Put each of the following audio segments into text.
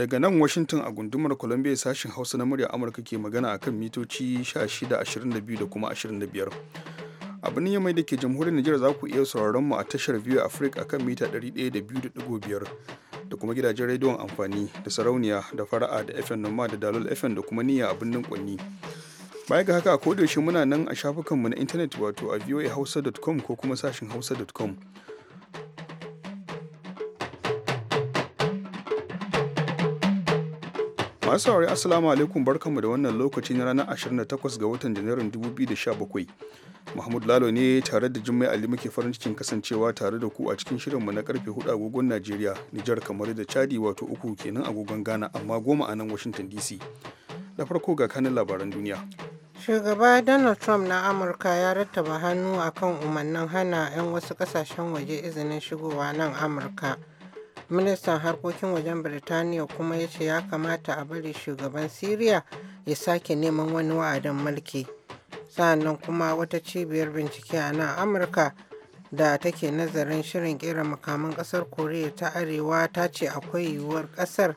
daga nan washington a gundumar columbia sashen hausa na murya amurka ke magana a kan mitoci 16 da kuma 25 a birnin yamai da ke jamhuriyar Nijar za ku iya sauraron mu a tashar View Africa akan mita 102.5 da kuma gidajen rediyon amfani da sarauniya da fara'a da FM Noma da Dalol FM da kuma niyya a birnin Kwanni. Baya ga haka ko muna nan a shafukanmu na intanet wato a voahausa.com ko kuma sashin hausa.com masu saurari assalamu alaikum barkanmu da wannan lokaci na ranar 28 ga watan janairun 2017 mahmud lalo ne tare da jummai ali muke farin cikin kasancewa tare da ku a cikin shirinmu na karfe 4 agogon najeriya nijar kamar da chadi wato uku kenan agogon ghana amma goma a nan washington dc da farko ga kanin labaran duniya shugaba donald trump na amurka ya rattaba hannu akan umarnin hana 'yan wasu kasashen waje izinin shigowa nan amurka ministan harkokin wajen birtaniya kuma ya ce ya kamata a bari shugaban Siriya ya sake neman wani wa'adin mulki sa'annan kuma wata cibiyar bincike a nan amurka da take nazarin shirin kera makaman kasar koriya ta arewa ta ce akwai yiwuwar kasar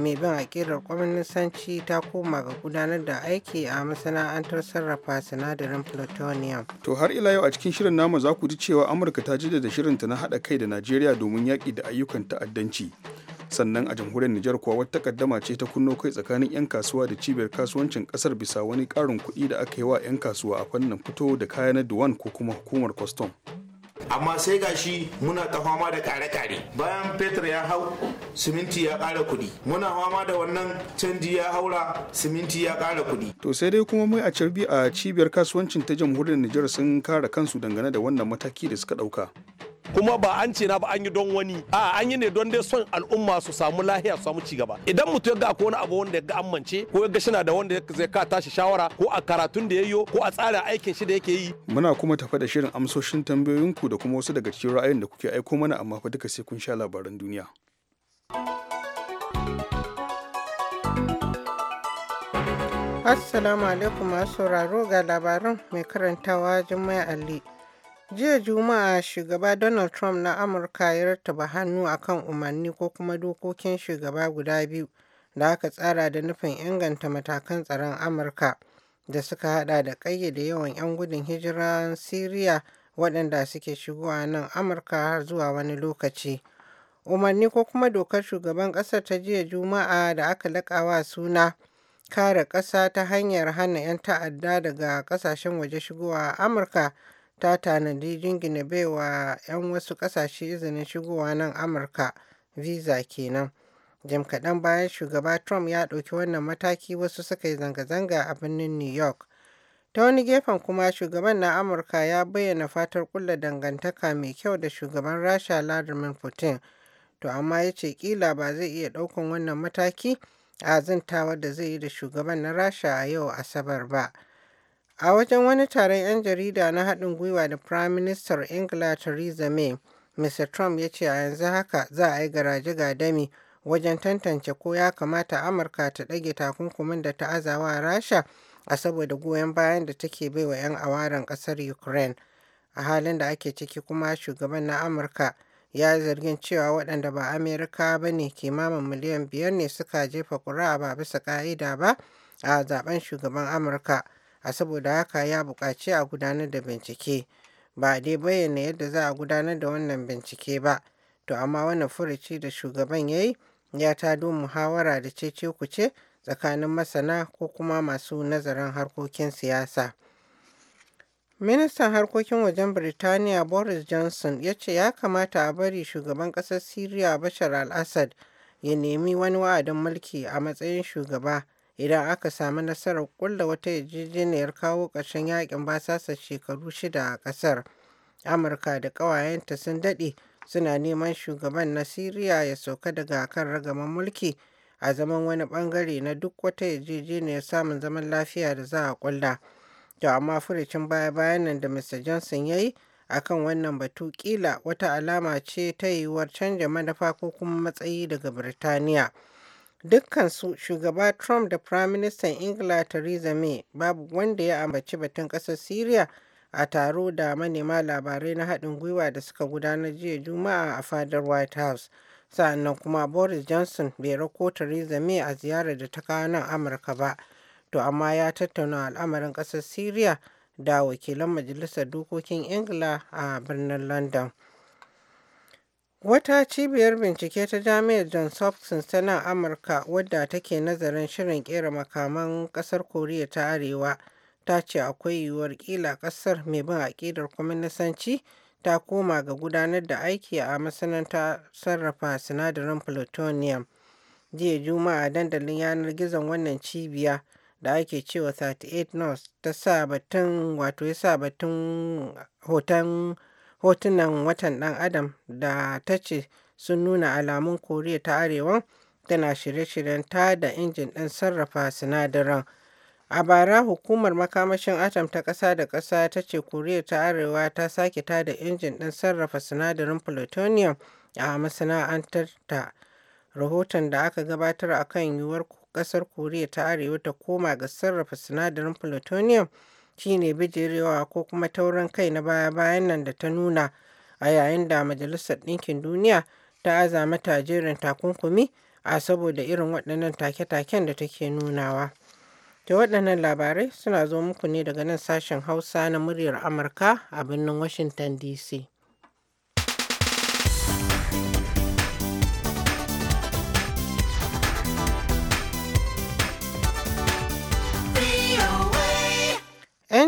mai bin akidar kwaminisanci ta koma ga gudanar da aiki a masana'antar sarrafa sinadarin plutonium. To har ila yau a cikin shirin namu za ku ji cewa Amurka ta jaddada shirinta na haɗa kai da Najeriya domin yaƙi da ayyukan ta'addanci. Sannan a jamhuriyar Nijar kuwa wata takaddama ce ta kunno kai tsakanin 'yan kasuwa da cibiyar kasuwancin kasar bisa wani karin kuɗi da aka yi wa 'yan kasuwa a fannin fito da kaya na Duwan ko kuma hukumar kwastom. amma sai gashi muna ta fama da kare-kare bayan fetur ya hau siminti ya ƙara kuɗi muna fama da wannan canji ya haura siminti ya kara kuɗi to sai dai kuma mai a carbi a cibiyar kasuwancin ta jamhuriyar Nijar sun kare kansu dangane da wannan mataki da suka ɗauka kuma ba an ce na ba an yi don wani a an yi ne don dai son al'umma su samu lahiya su samu ci gaba idan mutum ya ga akwai wani abu wanda ya ga amince ko ya ga shina da wanda zai ka tashi shawara ko a karatun da yayyo ko a tsara aikin shi da yake yi muna kuma tafa da shirin amsoshin tambayoyinku da kuma wasu daga cikin ra'ayin da kuke aiko mana amma fa duka sai kun sha labaran duniya Assalamu alaikum masu sauraro ga labaran mai karantawa Jummai Ali. Jiya Juma'a, Shugaba Donald Trump na Amurka ya rattaba hannu a kan umarni ko kuma dokokin shugaba guda biyu da aka tsara da nufin inganta matakan tsaron Amurka da suka haɗa da ƙayyade yawan 'yan gudun hijiran Siriya waɗanda suke shigowa nan Amurka har zuwa wani lokaci. Umarni ko kuma dokar shugaban ƙasar ta jiya Juma'a da aka laƙawa suna kare ƙasa ta hanyar hana 'yan ta'adda daga ƙasashen waje shigowa Amurka ta tanadi jingina baiwa 'yan wasu ƙasashe izinin shigowa nan amurka visa kenan jim kaɗan bayan shugaba trump ya ɗauki wannan mataki wasu suka yi zanga-zanga a birnin new york ta wani gefen kuma shugaban na amurka ya bayyana fatar kulla dangantaka mai kyau da shugaban rasha vladimir putin to amma ya ce kila ba zai iya ɗaukan wannan mataki a zantawa da zai yi da shugaban na rasha a yau asabar ba. A wajen wani taron 'yan jarida na haɗin gwiwa da Firaministar Ingila Theresa May, Mr. Trump ya ce a yanzu haka za a yi garaje dami wajen tantance ko ya kamata Amurka ta ɗage takunkumin da ta azawa Rasha a saboda goyon bayan da take baiwa 'yan awaren ƙasar Ukraine. A halin da ake ciki kuma shugaban na Amurka ya zargin cewa waɗanda ba Amerika ba ne kimanin miliyan biyar ne suka jefa ƙuri'a ba bisa ƙa'ida ba a zaben shugaban Amurka. a saboda haka ya buƙaci a gudanar da bincike ba a dai bayyana yadda za a gudanar da wannan bincike ba to amma wannan furuci da shugaban ya yi ya tado muhawara da cece ce, tsakanin masana ko kuma masu nazarin harkokin siyasa ministan harkokin wajen birtaniya boris johnson ya ce ya kamata a bari shugaban ƙasar syria bashar al-assad ya nemi wani wa'adin mulki a matsayin shugaba idan aka sami nasarar kulla wata yarjejeniyar kawo ƙarshen yakin basasa shekaru shida a ƙasar amurka da ƙawayenta sun daɗe suna neman shugaban na siriya ya sauka daga kan ragaman mulki a zaman wani bangare na duk wata yarjejeniyar samun zaman lafiya da za a kulla to amma furicin baya-bayan nan da mr johnson ya yi akan wannan batu kila wata alama ce ta yiwuwar canja manufa ko kuma matsayi daga birtaniya Dukkansu Shugaba Trump da Firaministan Ingila Theresa May babu wanda ya ambaci batun ƙasar Syria, a taro da manema labarai na haɗin gwiwa da suka gudanar jiya Juma'a a fadar White House. Sa'annan kuma Boris Johnson bai rako Theresa May a ziyarar da ta kawo nan Amurka ba. To amma ya tattauna al'amarin ƙasar Syria da wakilan Majalisar Dokokin Ingila a birnin London. Wata cibiyar bincike ta Jami'ar Johns Hopkins ta nan Amurka wadda take nazarin shirin kera makaman kasar Koriya ta Arewa ta ce akwai yiwuwar ƙila ƙasar mai bin aƙidar kwaminisanci ta koma ga gudanar da aiki a masana'antar sarrafa sinadarin plutonium. Jiya Juma'a dandalin yanar gizon wannan cibiya da ake cewa 38 North ta sa batun wato ya sa batun hoton hotunan watan ɗan adam da ta ce sun nuna alamun koriya ta arewan tana shirye-shiryen ta da injin ɗin sarrafa sinadaran a bara hukumar makamashin atom ta ƙasa da ƙasa ta ce koriya ta arewa ta sake ta da injin ɗin sarrafa sinadarin plutonium a masana'antar ta rahoton da aka gabatar a kan yiwuwar ƙasar koriya ta arewa ta koma ga sarrafa sinadarin plutonium shine bijirewa ko kuma taurin kai na baya-bayan nan da ta nuna a yayin da majalisar ɗinkin duniya ta azama mata jerin takunkumi a saboda irin waɗannan take-taken da take nunawa. Da waɗannan labarai suna zo muku ne daga nan sashen Hausa na muryar Amurka a birnin Washington DC.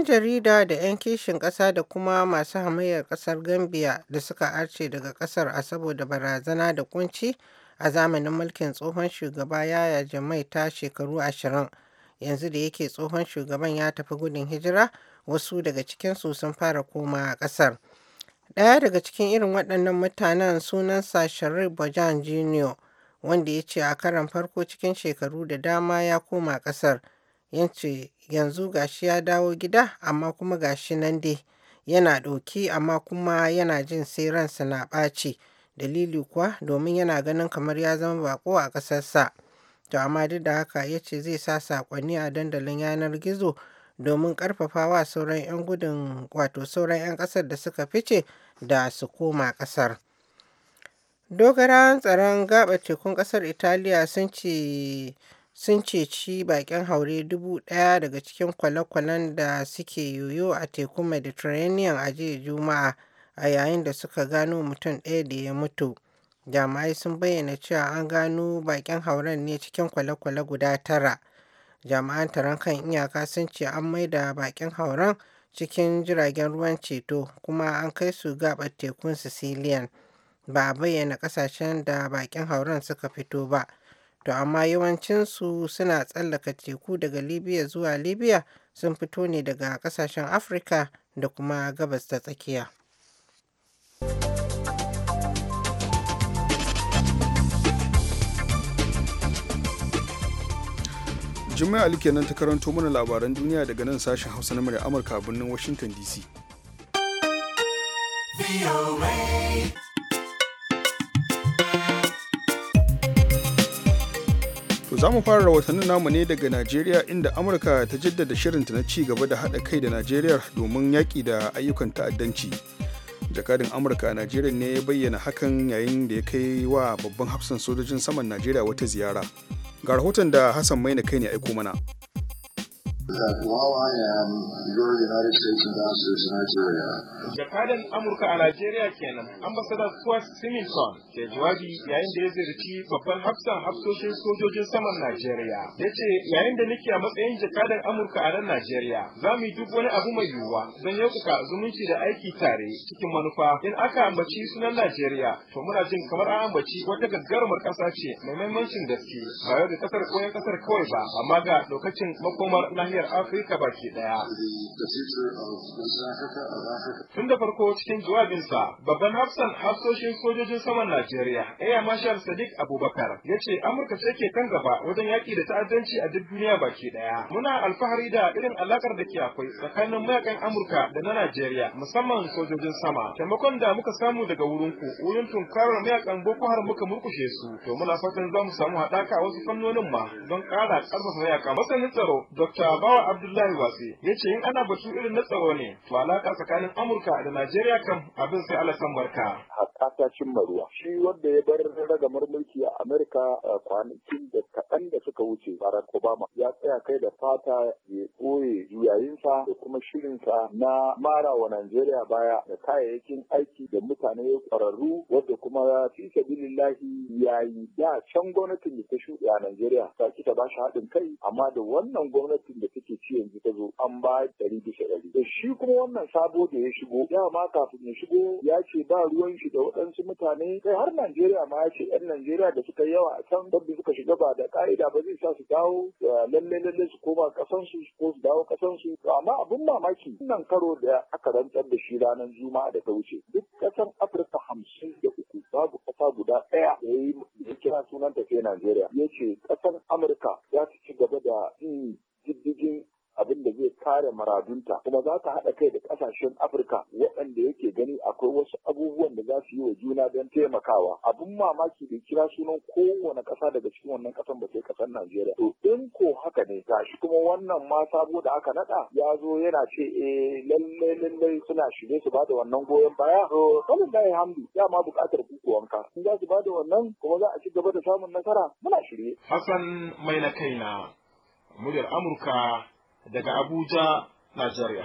jarida da 'yan kishin ƙasa da kuma masu hamayyar ƙasar Gambia da suka arce daga ƙasar a saboda barazana da kunci a zamanin mulkin tsohon shugaba Yaya Jamai ta shekaru ashirin. Yanzu da yake tsohon shugaban ya tafi gudun hijira, wasu daga cikinsu sun fara koma a ƙasar. Ɗaya daga cikin irin waɗannan mutanen sunansa Sharif Bajan Jr. wanda ya ce a karan farko cikin shekaru da dama ya koma ƙasar. yace yanzu gashi ya dawo gida amma kuma gashi nan dai yana ɗoki amma kuma yana jin sai ransa na ɓaci dalili kuwa domin yana ganin kamar ya zama bako a ƙasarsa to amma duk da haka ya ce zai sa saƙonni a dandalin yanar gizo domin ƙarfafa wa sauran 'yan gudun wato sauran 'yan ƙasar da suka fice da su koma ƙasar. dogara tsaron gaba tekun ƙasar italiya sun ce sun ceci baƙin haure dubu ɗaya daga cikin kwale-kwalen da suke yoyo a tekun mediterranean a jiya juma'a a yayin da suka gano mutum ɗaya da ya mutu jami'ai sun bayyana cewa an gano baƙin hauren ne cikin kwale-kwale guda tara jami'an taron kan iyaka sun ce an maida baƙin hauren cikin jiragen ruwan ceto kuma an kai su gaɓar tekun sicilian ba a bayyana ƙasashen da baƙin hauren suka fito ba to amma yawancinsu suna tsallaka teku daga libya zuwa libya sun fito ne daga kasashen afirka da kuma gabas ta tsakiya jimai ali nan ta karanto mana labaran duniya daga nan sashen hausa na murya amurka birnin washington dc za mu fara rahotanni namu ne daga Najeriya inda Amurka ta jaddada shirinta na ci gaba da haɗa kai da Najeriya domin yaƙi da ayyukan ta'addanci. Jakadin Amurka a Najeriya ne ya bayyana hakan yayin da ya kai wa babban hafsan sojojin saman Najeriya wata ziyara. Ga rahoton da Hassan Maina kai ne aiko mana. Uh, jakadan Amurka a Najeriya kenan, Ambassador Stuart Simington ke jawabi yayin da ya ziyarci babban hafsan hafsoshin sojojin saman Najeriya. Ya ce yayin da nake a matsayin jakadan Amurka a nan Najeriya, za mu yi duk wani abu mai yiwuwa don kuka zumunci da aiki tare cikin manufa. In aka ambaci sunan Najeriya, to muna jin kamar an ambaci wata gaggarumar ƙasa ce mai muhimmancin gaske, ba yau da ƙasar ko ƙasar kawai ba, amma ga lokacin makomar nahiyar nahiyar Afirka baki daya. Tun da farko cikin jawabinsa, babban hafsan hafsoshin sojojin saman Najeriya, Air Marshal Sadiq Abubakar, ya ce Amurka ce ke kan gaba wajen yaƙi da ta'addanci a duk duniya baki daya. Muna alfahari da irin alakar da ke akwai tsakanin mayakan Amurka da na Najeriya, musamman sojojin sama. Taimakon da muka samu daga wurin ku, wurin tunkarar mayakan Boko Haram muka murkushe su, to muna fatan za mu samu haɗaka wasu fannonin ma don ƙara ƙarfafa mayaka. Masanin tsaro, Dr. bawa abdullahi watsi ya ce in ana batu irin na tsaro ne to alaka tsakanin amurka da najeriya kan abin sai alasan barka hatta ta cimma ruwa shi wanda ya bar ragamar mulki a amurka kwanakin da kaɗan da suka wuce barack obama ya tsaya kai da fata ya ɓoye juyayinsa da kuma shirinsa na mara wa najeriya baya da kayayyakin aiki da mutane ƙwararru wadda kuma fi sabilillahi yayi da can gwamnatin da ta shuɗe a najeriya ta ki ta ba shi haɗin kai amma da wannan gwamnatin da suke ci yanzu ta zo an ba ɗari bisa ɗari. Da shi kuma wannan sabo da ya shigo ma kafin ya shigo ya ce ba ruwan shi da waɗansu mutane kai har Najeriya ma ya ce 'yan Najeriya da suka yawa a can dabbi suka shiga ba da ƙa'ida ba zai sa su dawo da lalle lalle su koma ƙasansu ko su dawo ƙasansu. Amma abin mamaki wannan karo da aka rantsar da shi ranar Juma'a da ta wuce duk ƙasan Afirka hamsin da uku babu ƙasa guda ɗaya da ya kira sunan tafiya Najeriya ya ce ƙasan Amurka ya su ci gaba da diddigin abin da zai kare maradunta kuma za ka haɗa kai da ƙasashen afirka waɗanda yake gani akwai wasu abubuwan da za su yi wa juna don taimakawa abin mamaki da kira sunan kowane ƙasa daga cikin wannan ƙasan ba sai ƙasar najeriya to in ko haka ne shi kuma wannan ma sabo da aka naɗa ya zo yana ce eh lallai lallai suna shirye su bada wannan goyon baya to kalin da ya hamdu ya ma buƙatar kuku wanka in za su bada wannan kuma za a ci gaba da samun nasara muna shirye. hassan mai na kaina muryar amurka daga abuja najeriya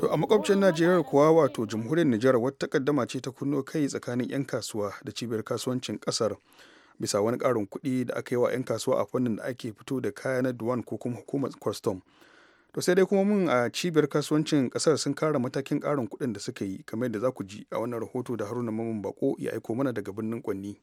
To a makwabcin Najeriya kuwa wato jamhuriyar Nijar wata takaddama ce ta kunno kai tsakanin 'yan kasuwa da cibiyar kasuwancin kasar bisa wani karin kuɗi da aka yi wa 'yan kasuwa a fannin da ake fito da kaya na duwan ko kuma hukumar custom. to sai dai kuma mun a cibiyar kasuwancin kasar sun kara matakin karin kuɗin da suka yi kamar yadda za ku ji a wannan rahoto da haruna mamman bako ya aiko mana daga birnin kwanni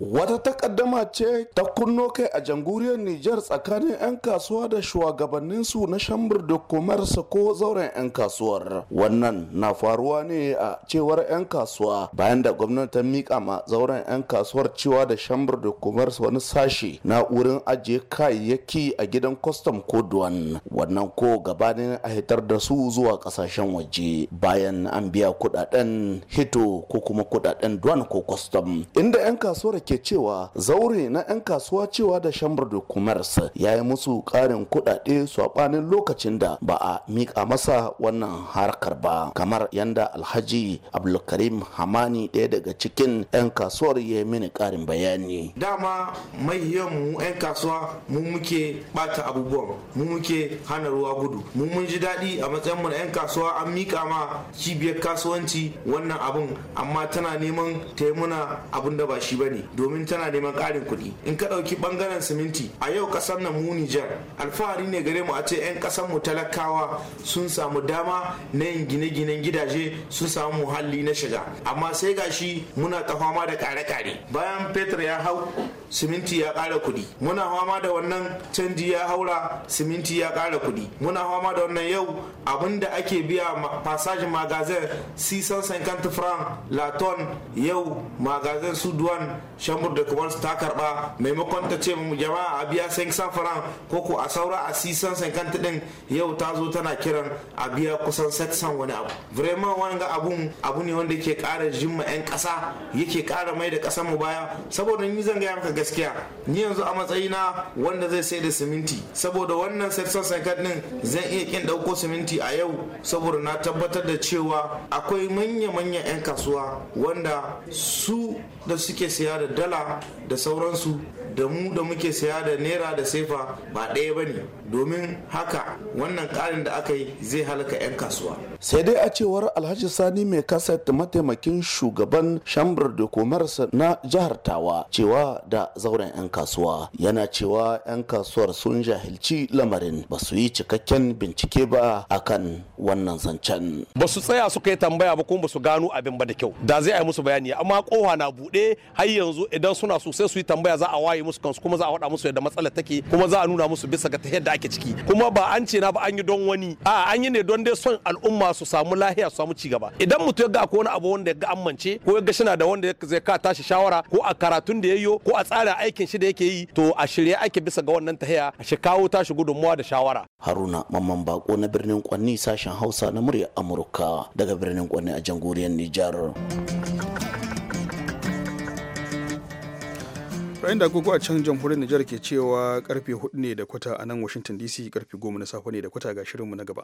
Wata takaddama ce ta kunno kai a jamhuriyar Nijar tsakanin 'yan kasuwa da shugabanninsu na shambar da komarsa ko zauren 'yan kasuwar. Wannan na faruwa ne a cewar 'yan kasuwa bayan da gwamnati ta miƙa ma zauren 'yan kasuwar cewa da shambar da komarsa wani sashi na wurin ajiye kayayyaki a gidan kwastam ko duwan. Wannan ko gabanin a hitar da su zuwa ƙasashen waje bayan an biya kuɗaɗen hito ko kuma kuɗaɗen duwan ko kwastam. Inda 'yan kasuwar ke cewa zaure na 'yan kasuwa cewa da shambar da commerce ya yi musu ƙarin kuɗaɗe saɓanin lokacin da ba a miƙa masa wannan harkar ba kamar yanda alhaji abdulkarim hamani ɗaya daga cikin 'yan kasuwar ya mini karin bayani dama mai mu 'yan kasuwa mu muke bata abubuwan mu muke hana ruwa gudu mu mun ji daɗi a matsayin mu 'yan kasuwa an miƙa ma cibiyar kasuwanci wannan abun amma tana neman ta yi muna abun da ba shi bane domin tana neman ƙarin kuɗi in ka ɗauki ɓangaren siminti a yau ƙasar na mu Nijar alfahari ne gare mu a ce 'yan ƙasar mu talakawa sun samu dama na yin gine-ginen gidaje sun samu muhalli na shiga amma sai gashi muna ta fama da kare-kare bayan fetur ya hau siminti ya ƙara kuɗi muna fama da wannan canji ya haura siminti ya ƙara kuɗi muna fama da wannan yau abin da ake biya passage magazin 650 franc laton yau magazin Duwan. chambre de commerce ta karba maimakon ta ce jama'a a biya 500 francs ko ko a saura a 650 din yau ta zo tana kiran a biya kusan 700 wani abu vraiment wanga abun abu ne wanda yake kara jimma yan kasa yake kara mai da kasar mu baya saboda ni zan gaya maka gaskiya ni yanzu a matsayina wanda zai sai da siminti saboda wannan 650 din zan iya kin dauko siminti a yau saboda na tabbatar da cewa akwai manya-manyan 'yan kasuwa wanda su da suke siya da dala da sauransu da mu da muke saya da naira da sefa ba ɗaya ba ne domin haka wannan ƙarin da aka yi zai halaka 'yan kasuwa sai dai a cewar alhaji sani mai kaset mataimakin shugaban shambar da komarsa na jihar tawa cewa da zauren 'yan kasuwa yana cewa 'yan kasuwar sun jahilci lamarin ba su yi cikakken bincike ba akan wannan zancen ba su tsaya suka yi tambaya ba kuma ba su gano abin ba da kyau da zai yi musu bayani amma kowa na buɗe har yanzu idan suna so sai su yi tambaya za a waye musu kansu kuma za a faɗa musu yadda matsalar take kuma za a nuna musu bisa ga ta da ake ciki kuma ba an ce na ba an yi don wani a an yi ne don dai son al'umma su samu lahiya su samu ci gaba idan mutum ya ga akwai wani abu wanda ya ga amince ko ya ga shina da wanda zai ka tashi shawara ko a karatun da ya yayyo ko a tsara aikin shi da yake yi to a shirye ake bisa ga wannan tahiya shi kawo tashi gudunmuwa da shawara haruna mamman bako na birnin kwanni sashen hausa na murya amurka daga birnin kwanni a jamhuriyar nijar bayan da agogo a can jamhuriyar Nijar ke cewa karfe 4 ne da kwata a nan Washington DC karfe 10 na safe ne da kwata ga shirinmu na gaba.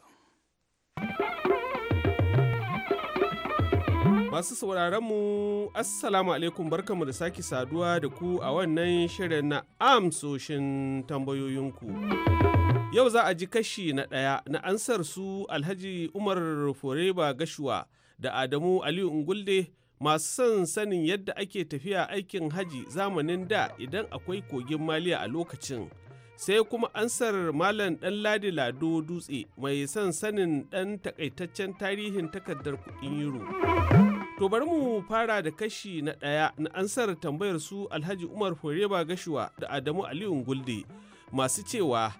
Masu sauraron mu Assalamu alaikum barkamu da sake saduwa da ku a wannan shirin na amsoshin tambayoyinku. Yau za a ji kashi na ɗaya na ansar su Alhaji Umar Foreba Gashuwa da Adamu Aliyu Ungulde masu son sanin yadda ake tafiya aikin haji zamanin da idan akwai kogin maliya a lokacin sai kuma ansar malam dan ladi lado dutse mai son sanin dan takaitaccen tarihin takardar kudin euro to bari mu fara da kashi na ɗaya na ansar tambayar su alhaji umar foreba gashuwa da adamu aliyu gulde masu cewa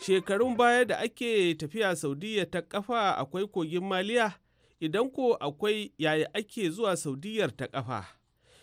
shekarun baya da ake tafiya saudiya ta kafa akwai kogin maliya Idan ko akwai yaya ake zuwa Saudiyar ta ƙafa?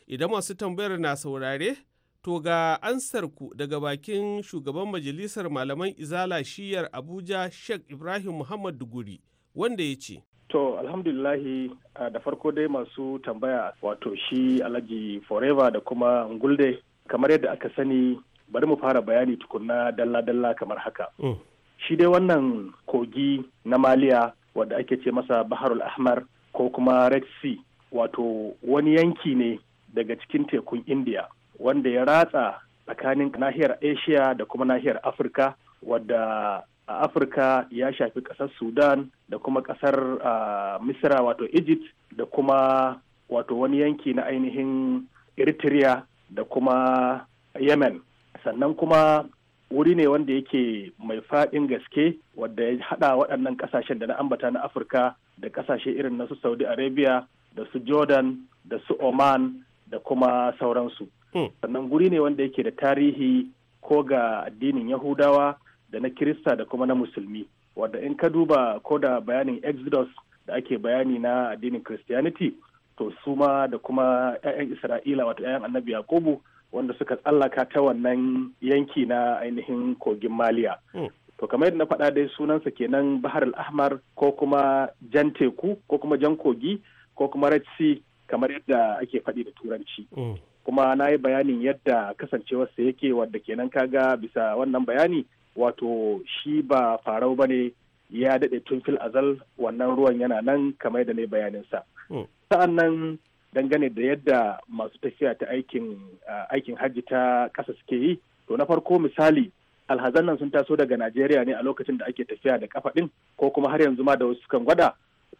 Idan masu tambayar na saurare, to ga ansar ku daga bakin shugaban majalisar malaman izala shiyar Abuja Sheikh Ibrahim Muhammad Duguri, wanda ya ce. To alhamdulillahi da farko dai masu tambaya wato shi Alhaji Forever da kuma Ngulde kamar yadda aka sani bari mu fara bayani tukunna dalla-dalla kamar haka. Mm. Shi dai wannan kogi na Maliya wadda ake ce masa baharul ahmar ko kuma red sea wato wani yanki ne daga cikin tekun india wanda ya ratsa tsakanin nahiyar asia da kuma nahiyar afirka wadda a afirka ya shafi ƙasar sudan da kuma ƙasar uh, misra wato egypt da kuma wato wani yanki na ainihin eritrea da kuma yemen sannan kuma wuri ne wanda yake mai faɗin gaske wadda ya haɗa waɗannan ƙasashen da na ambata na afirka da ƙasashe irin na su saudi arabia da su jordan da su oman da kuma sauransu hmm. sannan guri ne wanda yake da tarihi ko ga addinin yahudawa da na kirista da kuma na musulmi wadda in ka duba ko da bayanin exodus da ake bayani na addinin christianity to su da kuma 'ya'yan isra'ila wato 'ya'yan annabi yakubu wanda suka tsallaka ta wannan yanki na ainihin kogin maliya hmm. to kamar yadda na faɗa dai sunansa kenan bahar al-ahmar ko kuma jan teku ko kuma jan kogi ko kuma red sea kamar yadda ake faɗi da turanci hmm. kuma na yi bayanin yadda kasancewarsa yake wadda kenan kaga bisa wannan bayani wato shi ba farau ba ne ya daɗe tun fil azal wannan ruwan yana nan kamar da yi bayaninsa hmm. sa'an nan dangane da yadda masu tafiya ta aikin uh, aikin hajji ta ƙasa suke yi to na farko misali alhazan nan sun taso daga najeriya ne a lokacin da ake tafiya da kafa ɗin ko kuma har yanzu ma da wasu kan gwada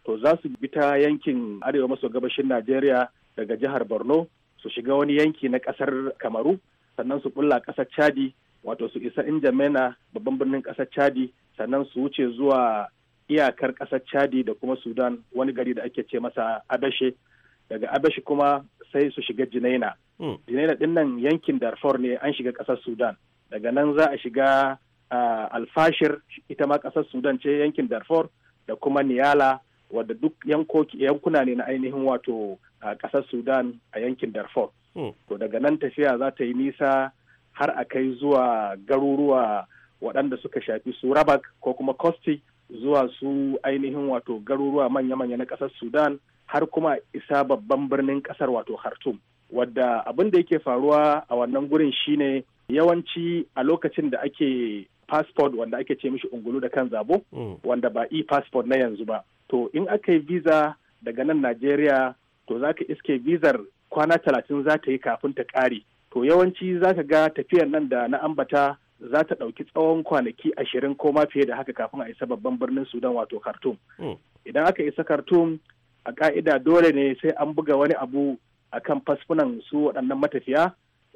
to za su bi ta yankin arewa maso gabashin najeriya daga jihar borno su shiga wani yanki na ƙasar kamaru sannan su bulla ƙasar chadi wato su isa injamena babban birnin ƙasar chadi sannan su wuce zuwa iyakar ƙasar chadi da kuma sudan wani gari da ake ce masa abashe daga abashi kuma sai su shiga jinaina hmm. jinaina din nan yankin darfur ne an shiga ƙasar sudan daga nan za a shiga alfashir ita ma ƙasar sudan ce yankin darfur da kuma niyala wadda duk yankuna ne na ainihin wato ƙasar sudan a yankin darfur hmm. to daga nan tafiya za ta yi nisa har a kai zuwa garuruwa waɗanda suka shafi su rabak ko kuma kosti zuwa su ainihin wato garuruwa manya-manya na ƙasar sudan har kuma isa babban birnin kasar wato Khartoum. Wadda abin da yake faruwa a wannan gurin shine yawanci a lokacin da ake passport wanda ake ce mishi ungulu da kan zabo mm. wanda ba e-passport na yanzu ba. To in aka yi visa daga nan Najeriya to za ka iske vizar kwana talatin za ta yi kafin ta ƙare. To yawanci za ka ga tafiyar nan da na ambata za ta ɗauki tsawon kwanaki ashirin ko ma fiye da haka kafin a isa babban birnin Sudan wato Khartoum. Mm. Idan aka isa Khartoum a ka'ida dole ne sai an buga wani abu a kan fasfunan su waɗannan matafiya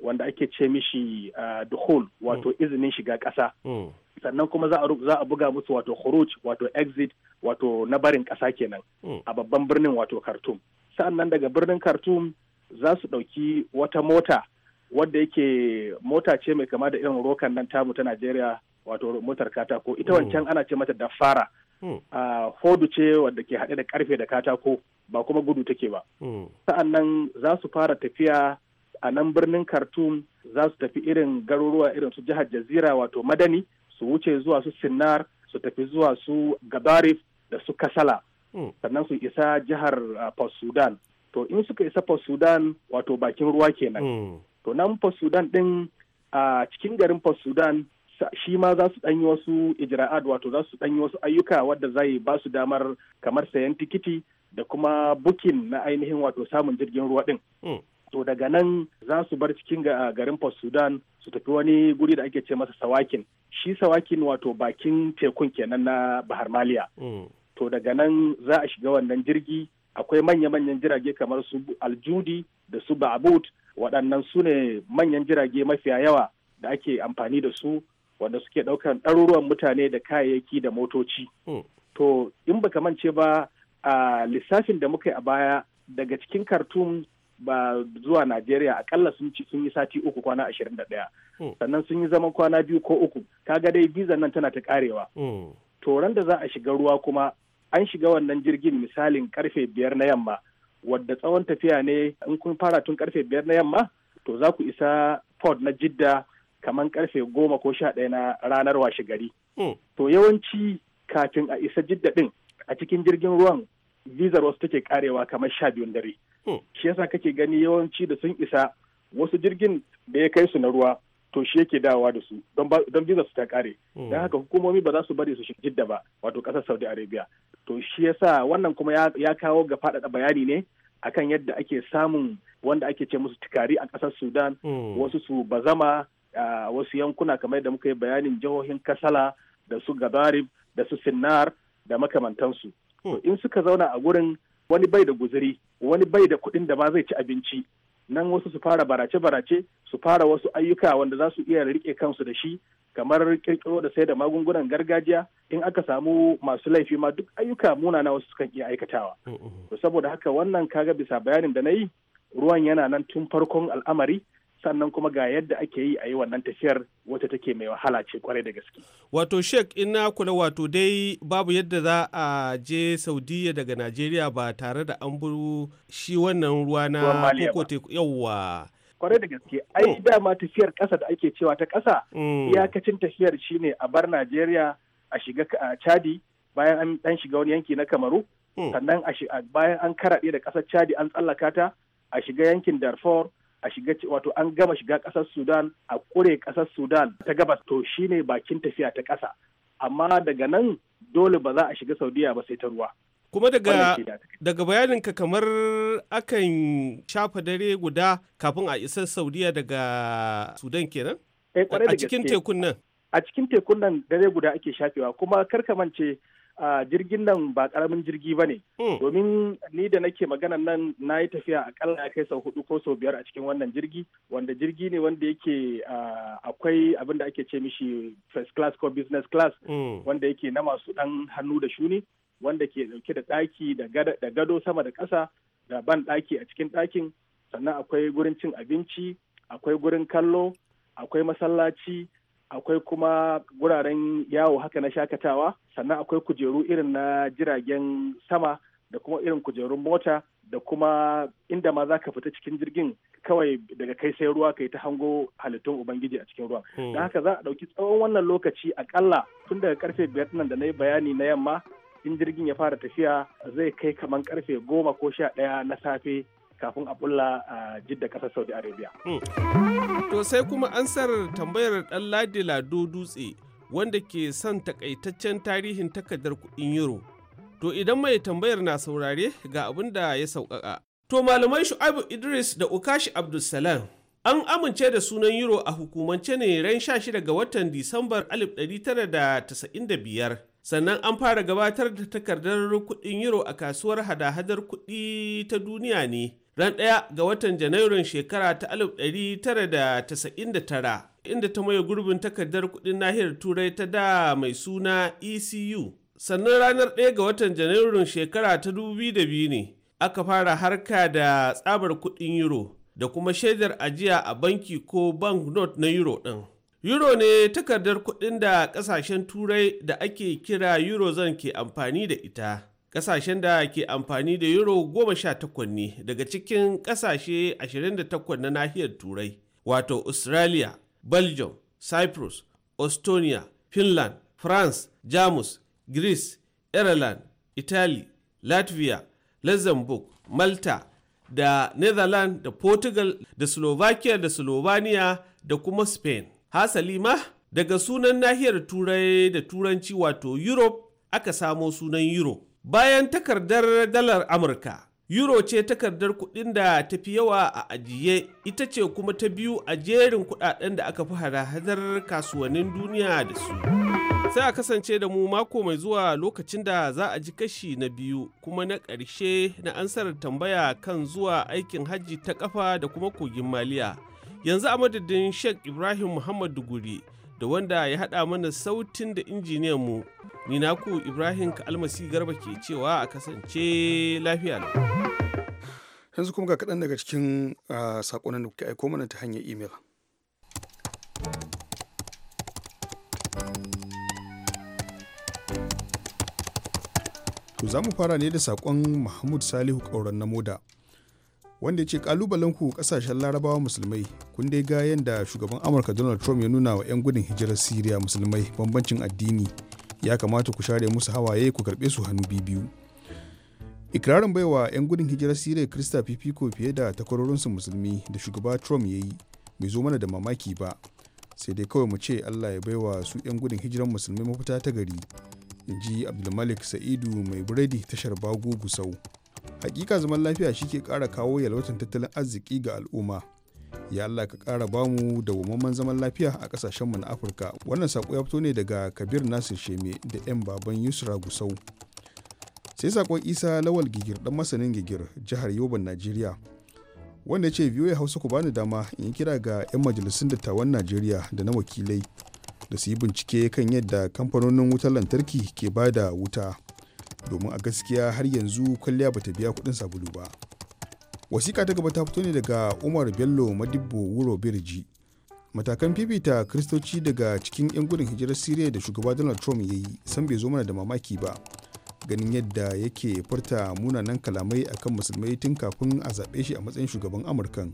wanda ake ce mishi uh, duhul wato mm. izinin shiga ƙasa mm. sannan kuma za a buga musu wato khuruj wato exit wato na barin ƙasa kenan mm. a babban birnin wato khartoum sa'annan daga birnin khartoum za su ɗauki wata mota wadda yake mota ce mai kama da irin rokan nan tamu ta najeriya wato motar katako ita wancan ana ce mata da fara hodu hmm. ce wadda ke haɗe da karfe da katako ba kuma gudu take ba hmm. sa'annan za su fara tafiya a nan birnin khartoum za su tafi irin garuruwa irin su jihar jazira wato madani su wuce zuwa su sinnar su tafi zuwa su gabarif da su kasala hmm. sannan su isa jihar uh, port sudan to in suka isa port sudan wato bakin ruwa kenan to nan port sudan din a uh, cikin garin port sudan shi ma za su ɗanyi wasu ijra'ad wato za su ɗanyi wasu ayyuka wadda zai ba su damar kamar sayan tikiti da kuma bukin na ainihin wato samun jirgin ruwa ɗin. Hmm. To daga nan za su bar cikin ga garin Port Sudan su tafi wani guri da ake ce masa Sawakin. Shi Sawakin wato bakin tekun kenan na Bahar Maliya. Hmm. To daga nan za a shiga wannan jirgi akwai manya-manyan jirage kamar su Aljudi da su Ba'abut waɗannan su ne manyan jirage mafiya yawa da ake amfani da su wanda suke ɗaukan ɗaruruwan mutane da kayayyaki da motoci. Hmm. To in baka mance ba a lissafin da muka yi a baya daga cikin Khartoum ba zuwa Najeriya akalla sun ci sun yi sati uku kwana ashirin da ɗaya. Hmm. Sannan sun yi zaman kwana biyu ko uku. Kaga dai bizan nan tana ta ƙarewa. Hmm. To ran da za a shiga ruwa kuma an shiga wannan jirgin misalin karfe biyar na yamma. Wadda tsawon tafiya ne in kun fara tun karfe biyar na yamma to za ku isa Ford na Jidda kamar karfe goma ko sha ɗaya na ranar washe gari. Hmm. To yawanci kafin a isa jidda ɗin a cikin jirgin ruwan vizar wasu take karewa kamar sha biyun dare. Hmm. Shi yasa kake gani yawanci da sun isa wasu jirgin da ya kai su na ruwa to shi yake dawowa da su don vizar su ta kare. Hmm. Don haka hukumomi ba za su bari su shiga jidda ba wato ƙasar Saudi Arabia. To shi yasa wannan kuma ya kawo ga faɗaɗa bayani ne akan yadda ake samun wanda ake ce musu tukari a ƙasar Sudan wasu su bazama a wasu yankuna kamar da muka yi bayanin jihohin kasala da su gabarib da su sinnar da makamantansu hmm. in suka zauna a gurin wani bai da guzuri wani bai da kuɗin da ma zai ci abinci nan wasu su fara barace-barace su fara wasu ayyuka wanda za su iya rike kansu da shi kamar kirkiro da sai da magungunan gargajiya in aka samu masu laifi ma duk ayyuka munana wasu sukan iya aikatawa hmm, hmm. saboda haka wannan kaga bisa bayanin da na yi ruwan yana nan tun farkon al'amari sannan kuma ga yadda ake yi a yi wannan tafiyar wata take mai wahala ce kwarai da gaske. Wato Sheikh in kula wato dai babu yadda za a je Saudiya daga Najeriya ba tare da an buru shi wannan ruwa na koko teku yawwa. Kwarai da gaske ai oh. dama tafiyar ƙasa da ake cewa ta ƙasa mm. iyakacin tafiyar shi ne a bar Najeriya a shiga Chadi bayan an dan shiga wani yanki na Kamaru mm. sannan a bayan an karaɗe da ƙasar Chadi an tsallaka ta a shiga yankin Darfur a shiga wato an gama shiga ƙasar sudan a kure ƙasar sudan ta gabas to shine bakin tafiya ta ƙasa amma daga nan dole ba za a shiga saudiya ba sai ta ruwa kuma daga daga ka kamar akan shafa dare guda kafin a isar saudiya daga sudan kenan eh, a cikin tekun nan a cikin tekun nan dare guda ake shafewa kuma karkamance jirgin nan ba karamin jirgi ba ne hmm. domin ni da nake magana nan na yi tafiya akalla ya kai sau hudu ko sau biyar a cikin wannan jirgi wanda jirgi ne wanda yake akwai abin da ake ce mishi first class ko business class hmm. wanda yake na masu dan hannu da shuni wanda ke dauke da daki da gado sama da ƙasa da ban daki a cikin dakin sannan akwai gurin cin abinci akwai gurin kallo akwai masallaci akwai kuma guraren yawo haka na shakatawa sannan akwai kujeru irin na jiragen sama da kuma irin kujerun mota da kuma inda ma za ka fita cikin jirgin kawai daga kai sai ruwa kai ta hango halittun ubangiji a cikin ruwa hmm. da haka za a ɗauki tsawon wannan lokaci akalla tun daga karfe biyar nan da na yi bayani na yamma in jirgin ya fara tafiya zai kai kamar karfe goma ko sha ɗaya na safe kafin a bulla a jidda kasar saudi arabia hmm. to sai kuma ansar tambayar dan ladi lado dutse wanda ke son takaitaccen tarihin takardar kuɗin euro to idan mai tambayar na saurare ga abin da ya sauƙaƙa to malamai shu'abu idris da ukashi abdulsalam an amince da sunan euro a hukumance ne ran sha 16 ga watan disambar alif ɗari tara da da biyar, sannan an fara gabatar da takardar kuɗin euro a kasuwar hada-hadar kuɗi ta duniya ne ran ɗaya ga watan janairun shekara ta 1999 inda ta maye gurbin takardar kudin nahiyar turai ta da mai suna ecu sannan ranar ɗaya ga watan janairun shekara ta 2002 ne aka fara harka da tsabar kudin euro da kuma shaidar ajiya a banki ko banknote na euro ɗin euro ne takardar kudin da ƙasashen turai da ake kira eurozone ke amfani da ita Ƙasashen da ke amfani da Euro goma sha ne daga cikin ƙasashe 28 na nahiyar Turai, wato Australia, Belgium, Cyprus, Estonia, Finland, France, Jamus, Greece, Ireland, Italy, Latvia, Luxembourg, Malta, da Netherlands, da Portugal, da Slovakia, da Slovenia, da kuma Spain. Hasali ma daga sunan nahiyar Turai da Turanci wato Europe aka samo sunan Europe. Bayan takardar dalar Amurka, Euro ce takardar kuɗin da ta fi yawa a ajiye ita ce kuma ta biyu a jerin kuɗaɗen da aka fi hada-hadar kasuwannin duniya da su. Sai a kasance da mu mako mai zuwa lokacin da za a ji kashi na biyu kuma na ƙarshe na ansarar tambaya kan zuwa aikin hajji ta ƙafa da kuma kogin maliya. Yanzu a madadin Sheikh Ibrahim Muhammad Duguri. da wanda ya haɗa mana sautin da injiniyan mu ni naku ibrahim almasi garba ke cewa a kasance lafiya yanzu kuma ga kaɗan daga cikin ah, saƙonan da kuke aiko mana ta hanyar imel To za mu fara ne da saƙon Mahmud Salihu ƙauren na moda wanda ya ce kalubalen ku kasashen larabawa musulmai kun dai ga yadda shugaban amurka donald trump ya nuna wa 'yan gudun hijirar siriya musulmai bambancin addini ya kamata ku share musu hawaye ku karbe su hannu biyu ikirarin baiwa 'yan gudun hijirar syria krista fifiko fiye da takwarorinsu musulmi da shugaba trump ya yi bai zo mana da mamaki ba sai dai kawai mu ce allah ya baiwa su 'yan gudun hijirar musulmai mafita ta gari in ji abdulmalik sa'idu mai buredi tashar bago gusau hakika zaman lafiya shi ke ƙara kawo yalwatan tattalin arziki ga al'umma ya Allah ka kara bamu da wamman zaman lafiya a mu na afirka wannan sako ya fito ne daga kabir nasir sheme da 'yan baban yusra gusau sai saƙon isa lawal gigir ɗan masanin gigir jihar yoban najeriya wanda ya ce ya hausa ku bani dama in kira ga 'yan majalisun dattawan najeriya da na wakilai da su yi bincike kan yadda kamfanonin wutar lantarki ke ba da wuta domin a gaskiya har yanzu kwalliya bata biya kuɗin sabulu ba wasiƙa ta gaba ta fito ne daga umar bello madibbo wuro birji matakan fifita kristoci daga cikin 'yan gudun hijirar siriya da shugaba donald trump ya yi san bai zo mana da mamaki ba ganin yadda yake furta munanan kalamai akan musulmai tun kafin a zaɓe shi a matsayin shugaban amurkan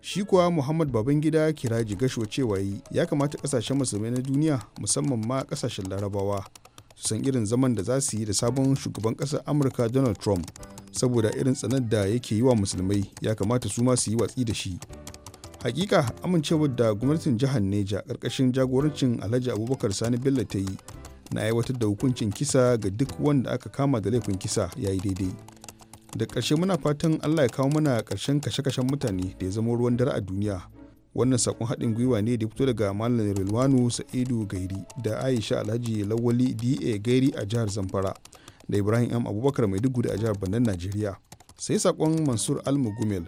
shi kuwa muhammad babangida kiraji gasho cewa ya kamata kasashen musulmai na duniya musamman ma kasashen larabawa su san irin zaman da za su yi da sabon shugaban ƙasar amurka donald trump saboda irin tsanar da yake yi wa musulmai ya kamata su ma su yi watsi da shi hakika amincewar da gwamnatin jihar neja ƙarƙashin jagorancin alhaji abubakar sani bello ta yi na aiwatar da hukuncin kisa ga duk wanda aka kama da laifin kisa ya yi daidai da ƙarshe muna fatan allah ya kawo mana ƙarshen kashe-kashen mutane da ya zama ruwan dare a duniya wannan sakon haɗin gwiwa ne da fito daga malam rilwanu sa'idu gairi da aisha alhaji lawali da gairi a jihar zamfara da ibrahim m abubakar mai maiduguri a jihar bandan najeriya sai sakon mansur almugumel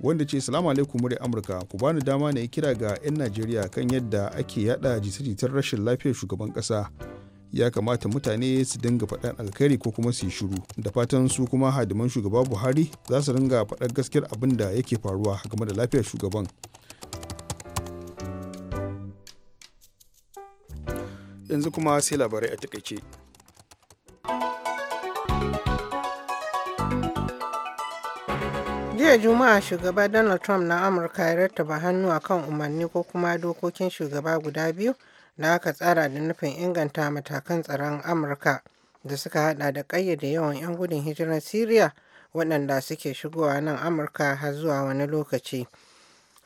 wanda ce salamu alaikum murya amurka ku bani dama na yi kira ga 'yan najeriya kan yadda ake yada jita-jitar rashin lafiyar shugaban kasa ya kamata mutane su dinga faɗan alkhairi ko kuma su yi shiru da fatan su kuma hadiman shugaba buhari za su ringa faɗar gaskiyar abin da yake faruwa game da lafiyar shugaban yanzu kuma sai labarai a takaice jiya juma'a shugaba donald trump na amurka ya rattaba hannu a kan umarni ko kuma dokokin shugaba guda biyu da aka tsara da nufin inganta matakan tsaron amurka da suka hada da ƙayyade yawan 'yan gudun hijirar syria waɗanda suke shigowa nan amurka har zuwa wani lokaci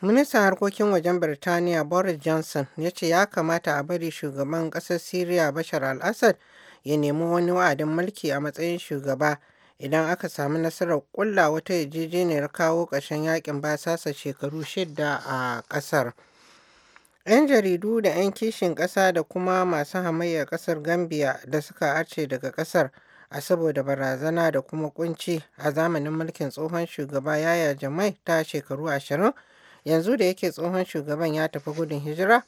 Ministan harkokin wajen Birtaniya Boris Johnson ya ce ya kamata a bari shugaban ƙasar Siriya Bashar al-Assad ya nemi wani wa'adin mulki a matsayin shugaba idan aka samu nasarar ƙulla wata yajejeniyar kawo ƙarshen yakin basasa shekaru shida a ƙasar. 'Yan jaridu da 'yan kishin ƙasa da kuma masu hamayyar ƙasar Gambia da suka arce daga ƙasar a saboda barazana da kuma kunci a zamanin mulkin tsohon shugaba Yaya Jamai ta shekaru ashirin yanzu da yake tsohon shugaban ya tafi gudun hijira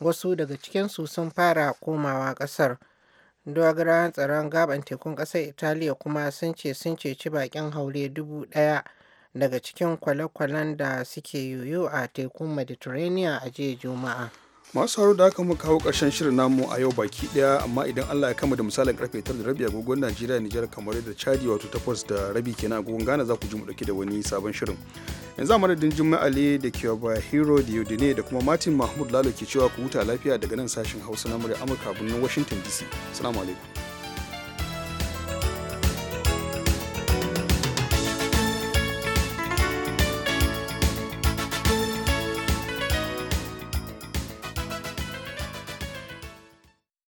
wasu daga cikin su sun fara komawa ƙasar dogara tsaron gaban tekun ƙasar italiya kuma sun ce sun ceci bakin haure dubu ɗaya daga cikin kwale-kwalen da suke yoyo a tekun mediterranean a jiya juma'a masu haro da aka mu kawo ƙarshen shirin namu a yau baki ɗaya amma idan Allah ya kama da misalin karfe da rabi agogon Najeriya Nijar kamar da Chadi wato takwas da rabi kenan agogon Ghana za ku ji mu ɗauki da wani sabon shirin yanzu a madadin Jummai Ali da Kiyaba Hero da Yodine da kuma Martin Mahmud Lalo ke cewa ku huta lafiya daga nan sashen Hausa na murya Amurka birnin Washington DC assalamu alaikum